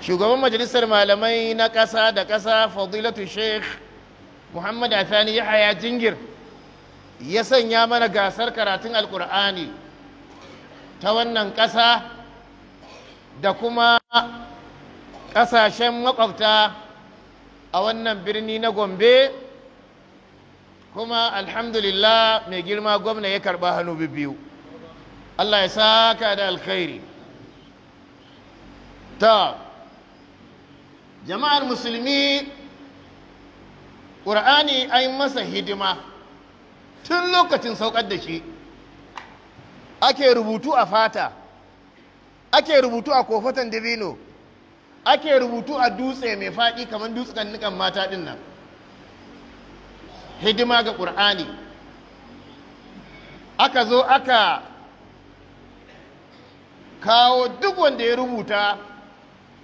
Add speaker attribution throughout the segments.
Speaker 1: shugaban majalisar malamai na ƙasa da ƙasa fadilatu sheikh muhammad athani yahaya jingir ya sanya mana gasar karatun alkur'ani ta wannan ƙasa da kuma ƙasashen makwabta a wannan birni na gombe kuma alhamdulillah mai girma gwamna ya karɓa hannu biyu allah ya saka da alkhairi ta jama'ar musulmi ƙur'ani yi masa hidima tun lokacin saukar da shi ake rubutu a fata ake rubutu a kofatan dabino ake rubutu a dutse mai faɗi kamar dutsen nukan mata ɗin nan hidima ga ƙur'ani aka zo aka kawo duk wanda ya rubuta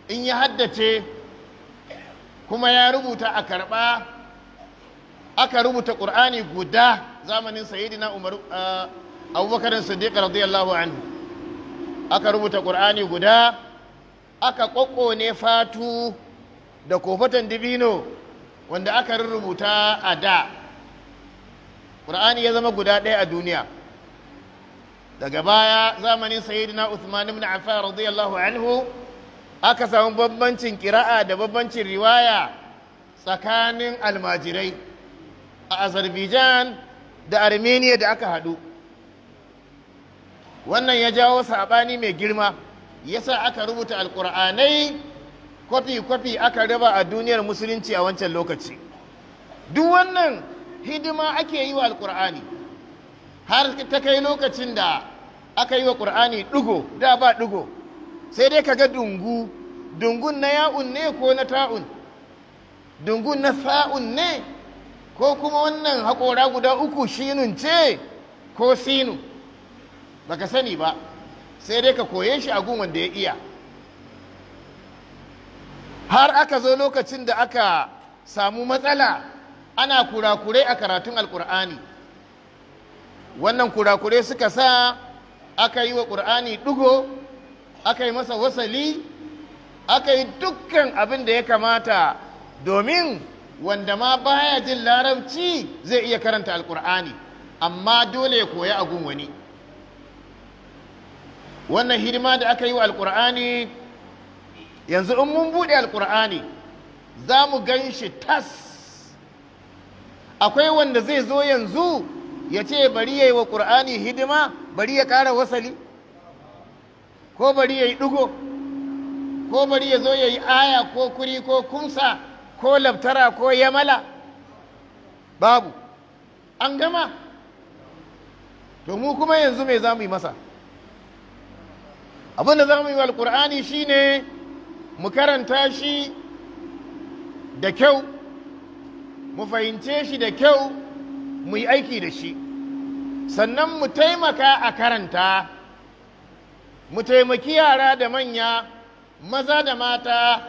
Speaker 1: in ya haddace kuma ya rubuta a karɓa aka rubuta ƙur'ani guda zamanin sayidina umar uh, abubakar siddiq radiyallahu anhu aka rubuta ƙur'ani guda aka ƙwaƙƙone fatu da kofatan dibino wanda aka rubuta a da ƙur'ani ya zama guda ɗaya a duniya daga baya zamanin sayidina Usman ibn affan radiyallahu anhu aka samu bambancin kira'a da bambancin riwaya tsakanin almajirai a azerbaijan da armenia da aka haɗu wannan ya jawo saɓani mai girma ya sa aka rubuta alkur'anai kwafi-kwafi aka raba a duniyar musulunci a wancan lokaci duk wannan hidima ake yi wa alƙur'ani har ta kai lokacin da aka yi wa ƙur'ani ɗugo, da ba ɗugo. sai dai kaga dungu dungun na ya'un ne ko na ta'un dungun na sa'un ne ko kuma wannan haƙora guda uku shinun ce ko sinu baka sani ba sai dai ka koye shi a gun wanda ya iya har aka zo lokacin da aka samu matsala ana kurakurai a karatun alkur'ani wannan kurakurai suka sa aka yi wa ƙur'ani ɗigo aka yi masa wasali aka yi dukkan abin da ya kamata domin wanda ma baya jin larabci zai iya karanta alkur'ani amma dole ya koya agun wani wannan hidima da aka yi wa alkur'ani yanzu in mun buɗe alkur'ani za mu gan shi tas akwai wanda zai zo yanzu ya ce bari ya yi wa ƙur'ani hidima bari ya ƙara wasali ko bari ya yi ɗigo ko bari ya zo ya yi aya ko kuri ko kumsa ko labtara ko yamala babu an gama to mu kuma yanzu mai za mu yi masa abinda za mu yi wa alkur'ani shine mu karanta shi da kyau mu fahimce shi da kyau mu yi aiki da shi sannan mu taimaka a karanta mu taimaki yara da manya maza da mata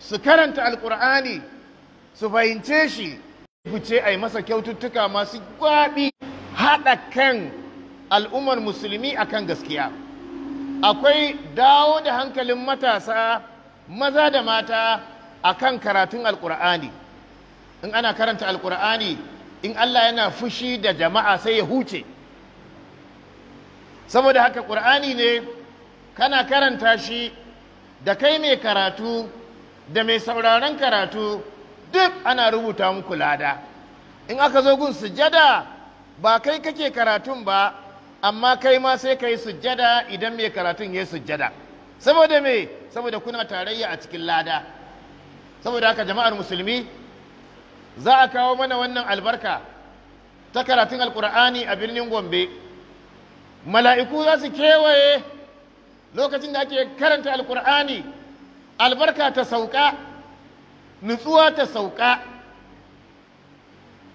Speaker 1: su karanta alkur'ani su fahimce shi fice a yi masa kyaututtuka masu gwabi haɗa kan al'ummar musulmi a kan gaskiya akwai dawo da hankalin matasa maza da mata a kan karatun alkur'ani in ana karanta alkur'ani in allah yana fushi da jama'a sai ya huce saboda haka ƙur'ani ne kana karanta shi da kai mai karatu da mai sauraron karatu duk ana rubuta muku lada in aka zo gun sujada ba kai kake karatun ba amma kai ma sai ka yi sujjada idan mai karatun ya yi sujada saboda me saboda kuna tarayya a cikin lada saboda haka jama'ar musulmi za a kawo mana wannan albarka ta karatun alkur'ani a birnin gombe mala'iku za su kewaye lokacin da ake karanta alkur'ani albarka ta sauka nutsuwa ta sauka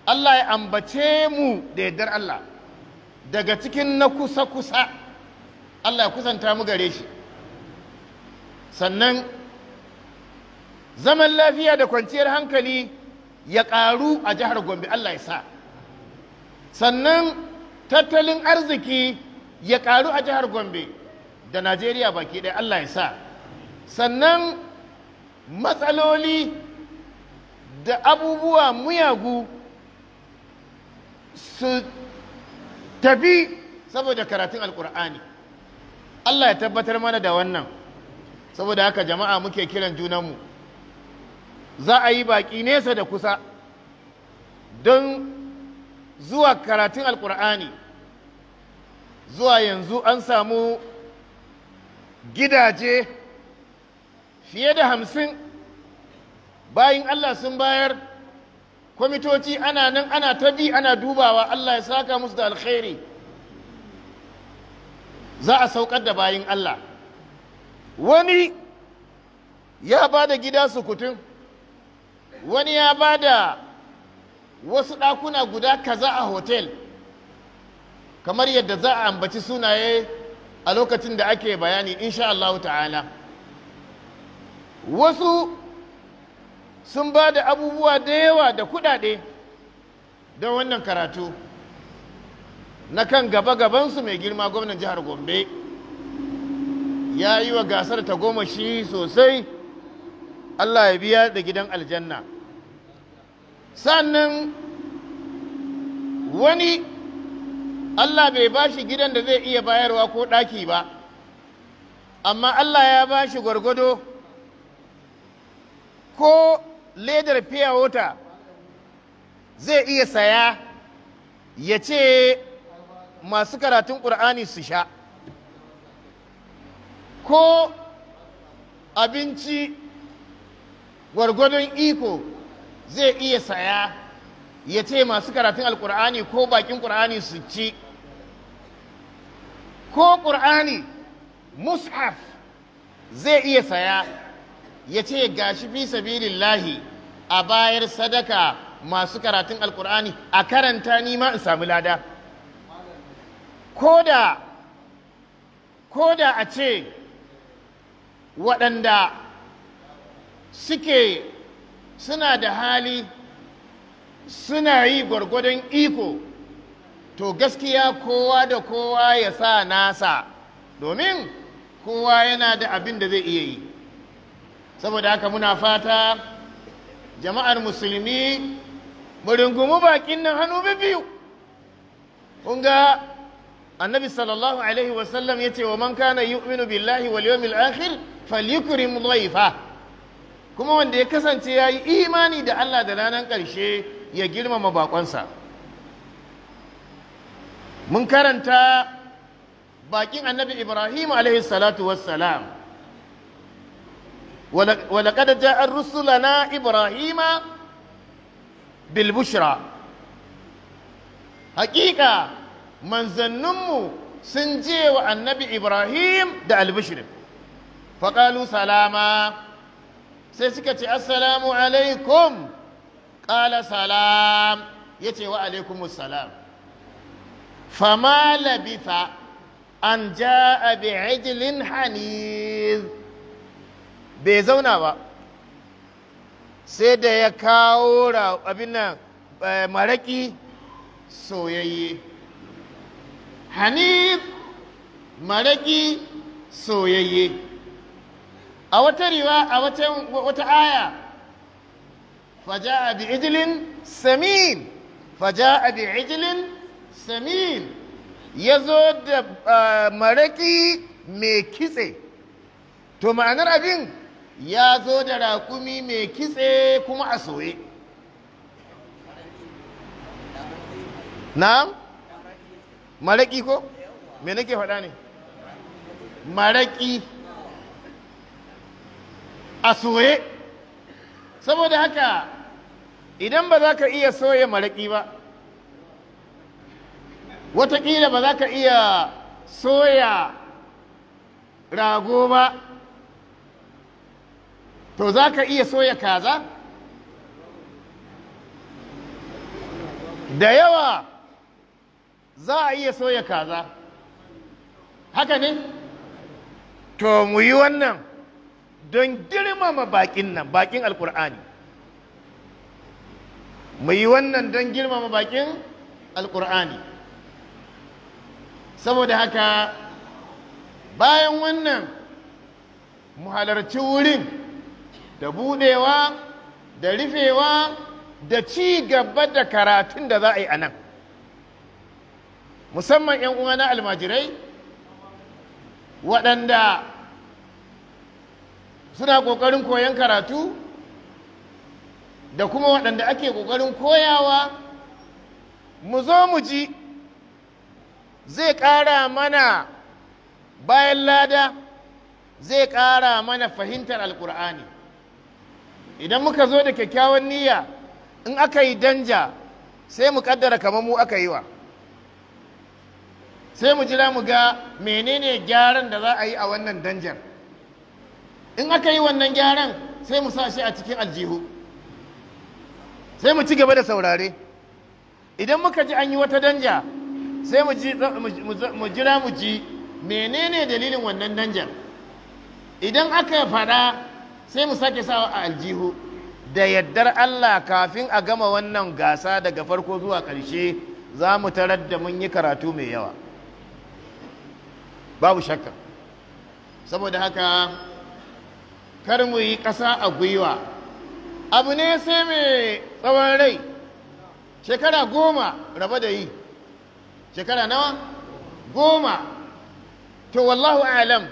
Speaker 1: Allah ya ambace mu da yardar Allah daga cikin na kusa-kusa Allah ya kusanta mu gare shi sannan zaman lafiya da kwanciyar hankali ya ƙaru a jihar gombe Allah ya sa sannan tattalin arziki ya karu a jihar gombe da najeriya baki ɗaya allah ya sa sannan matsaloli da abubuwa muyagu su tafi saboda karatun alkur'ani allah ya tabbatar mana da wannan saboda haka jama'a muke kiran junanmu za a yi baki nesa da kusa don zuwa karatun alkur'ani zuwa yanzu an samu gidaje fiye da hamsin bayan Allah sun bayar kwamitoci ana nan ana ta ana dubawa Allah ya saka musu da alkhairi za a saukar da bayan Allah wani ya ba da gida sukutun wani ya ba da wasu ɗakuna guda kaza a hotel kamar yadda za a ambaci sunaye a lokacin da ake bayani insha Allah ta'ala wasu sun ba da abubuwa da yawa da kudade don wannan karatu na kan gaba-gabansu mai girma gwamnan jihar gombe ya yi wa gasar ta goma shi sosai allah ya biya da gidan aljanna sannan wani Allah bai ba shi gidan da zai iya bayarwa ko ɗaki ba amma Allah ya ba shi gwargwado ko ledar fiya wata zai iya saya ya ce masu karatun ƙur'ani su sha ko abinci gwargwadon iko zai iya saya ya ce masu karatun alƙur'ani ko bakin ƙur'ani su ci ko ƙur'ani mushaf zai iya saya ya ce gashi fi lahi a bayar sadaka masu karatun Alƙur'ani. a karanta nima in sami lada Ko da a ce waɗanda suke suna da hali suna yi gwargwadon iko to gaskiya kowa da kowa ya sa nasa domin kowa yana da abin da zai iya yi saboda haka muna fata jama'ar musulmi muringumu bakin nan hannu biyu kun ga annabi sallallahu alaihi wasallam ya ce wa man kana yu'minu billahi wal yawmil akhir falyukrim dhayfa kuma wanda ya kasance ya yi imani da Allah da ranar ƙarshe ya girmama bakonsa mun karanta bakin annabi ibrahim alaihi salatu wassalam ولقد جاء رسلنا إبراهيم بالبشرى حقيقة من ظنمه سنجي والنبي إبراهيم دع البشر فقالوا سلاما سيسكتي السلام عليكم قال سلام يتي وعليكم السلام fama labitha an ja'a bi ijlin haniz bai zauna ba sai da ya kawo abin nan eh, soyayye hanif maraƙi soyayye a wata riwa a wata aya faja a bi ijilin samin faja a bi ijilin samin ya zo da maraƙi mai kitse to ma'anar abin ya zo da raƙumi mai kitse kuma a soye na maraƙi ko me nake faɗa ne maraƙi a soye saboda haka idan ba za ka iya soye maraƙi ba wataƙila ba za ka iya soya rago ba to za ka iya soya kaza da yawa za a iya soya kaza haka ne to mu yi wannan don girmama bakin nan bakin alkur'ani mu yi wannan don girmama bakin alkur'ani saboda haka bayan wannan mu halarci wurin da budewa da rufewa da ci gaba da karatun da za a yi a nan musamman 'yan uwa na almajirai waɗanda suna ƙoƙarin koyon karatu da kuma waɗanda ake ƙoƙarin koyawa mu zo mu ji zai ƙara mana bayan lada zai ƙara mana fahimtar Alƙur'ani. idan muka zo da kyakkyawan niyya in aka yi danja sai mu ƙaddara kamar mu aka yi wa sai mu jira mu ga menene gyaran da za a yi a wannan danjar in aka yi wannan gyaran sai mu sa shi a cikin aljihu sai mu ci gaba da saurare idan muka ji an yi wata danja sai mu jira mu ji menene dalilin wannan danjar idan aka faɗa sai mu sake sawa a aljihu da yaddar Allah kafin a gama wannan gasa daga farko zuwa ƙarshe za mu tarar da mun yi karatu mai yawa babu shakka saboda haka kar mu yi ƙasa a gwiwa abu ne sai mai tsawon rai shekara goma raba da yi shekara nawa goma to wallahu alam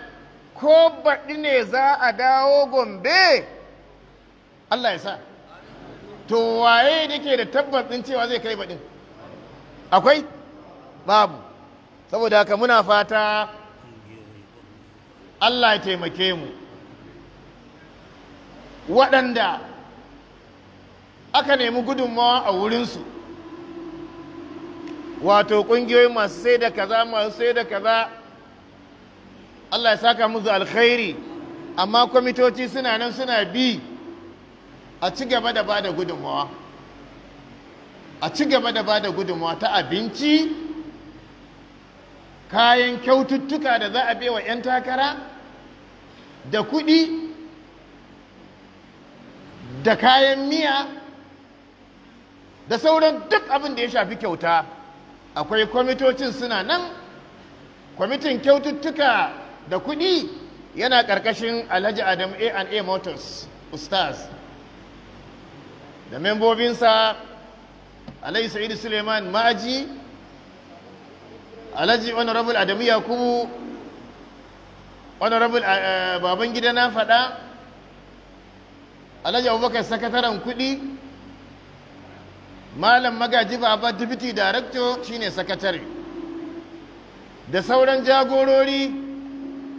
Speaker 1: ko baɗi ne za a dawo gombe Allah ya sa to waye nake da ɗin cewa zai kai baɗin akwai babu saboda haka muna fata Allah ya taimake mu waɗanda aka nemi gudunmawa a wurinsu wato ƙungiyoyi masu sai da kaza masu sai da kaza Allah ya saka musu alkhairi amma kwamitoci suna nan suna bi a ci gaba da ba gudunmawa a ci gaba da ba gudunmawa ta abinci kayan kyaututtuka da za a wa 'yan takara da kuɗi da kayan miya da sauran duk abin da ya shafi kyauta akwai kwamitocin suna nan kwamitin kyaututtuka da kuɗi yana karkashin alhaji adam a a motors ustaz da membobinsa alhaji sa'idu suleiman ma'aji alhaji honorable adamu yakubu honorable eh, babangida na faɗa alhaji abubakar sakataren kuɗi malam magaji baba deputy director shine sakatare da sauran jagorori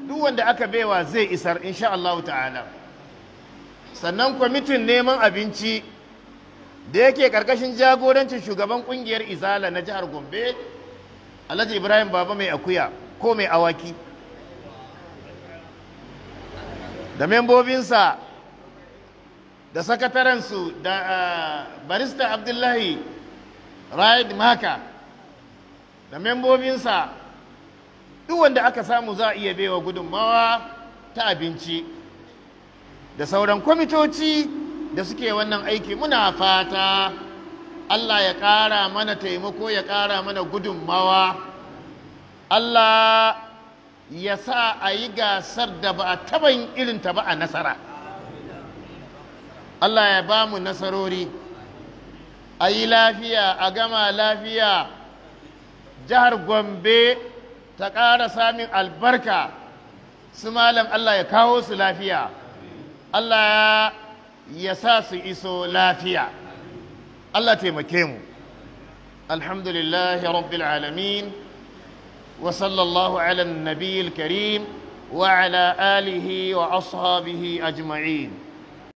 Speaker 1: duk wanda aka baiwa zai isar insha Allah ta'ala sannan kwamitin neman abinci da yake karkashin jagorancin shugaban kungiyar izala na jihar gombe alhaji ibrahim baba mai akuya ko mai awaki da membobinsa da sakatarensu da barista abdullahi raid maka da membobinsa duk wanda aka samu za a iya baiwa gudunmawa ta abinci da sauran kwamitoci da suke wannan aiki muna fata allah ya ƙara mana taimako ya ƙara mana gudunmawa allah ya sa a yi gasar da ba a taban irinta ba a nasara Allah ya ba mu nasarori a yi lafiya a gama lafiya jihar gombe ta ƙara samun albarka su malam Allah ya kawo su lafiya Allah ya sa su iso lafiya Allah taimake mu alhamdulillahi rabbil alamin wa sallallahu ala nabiyil karim wa ala alihi wa ashabihi ajma'in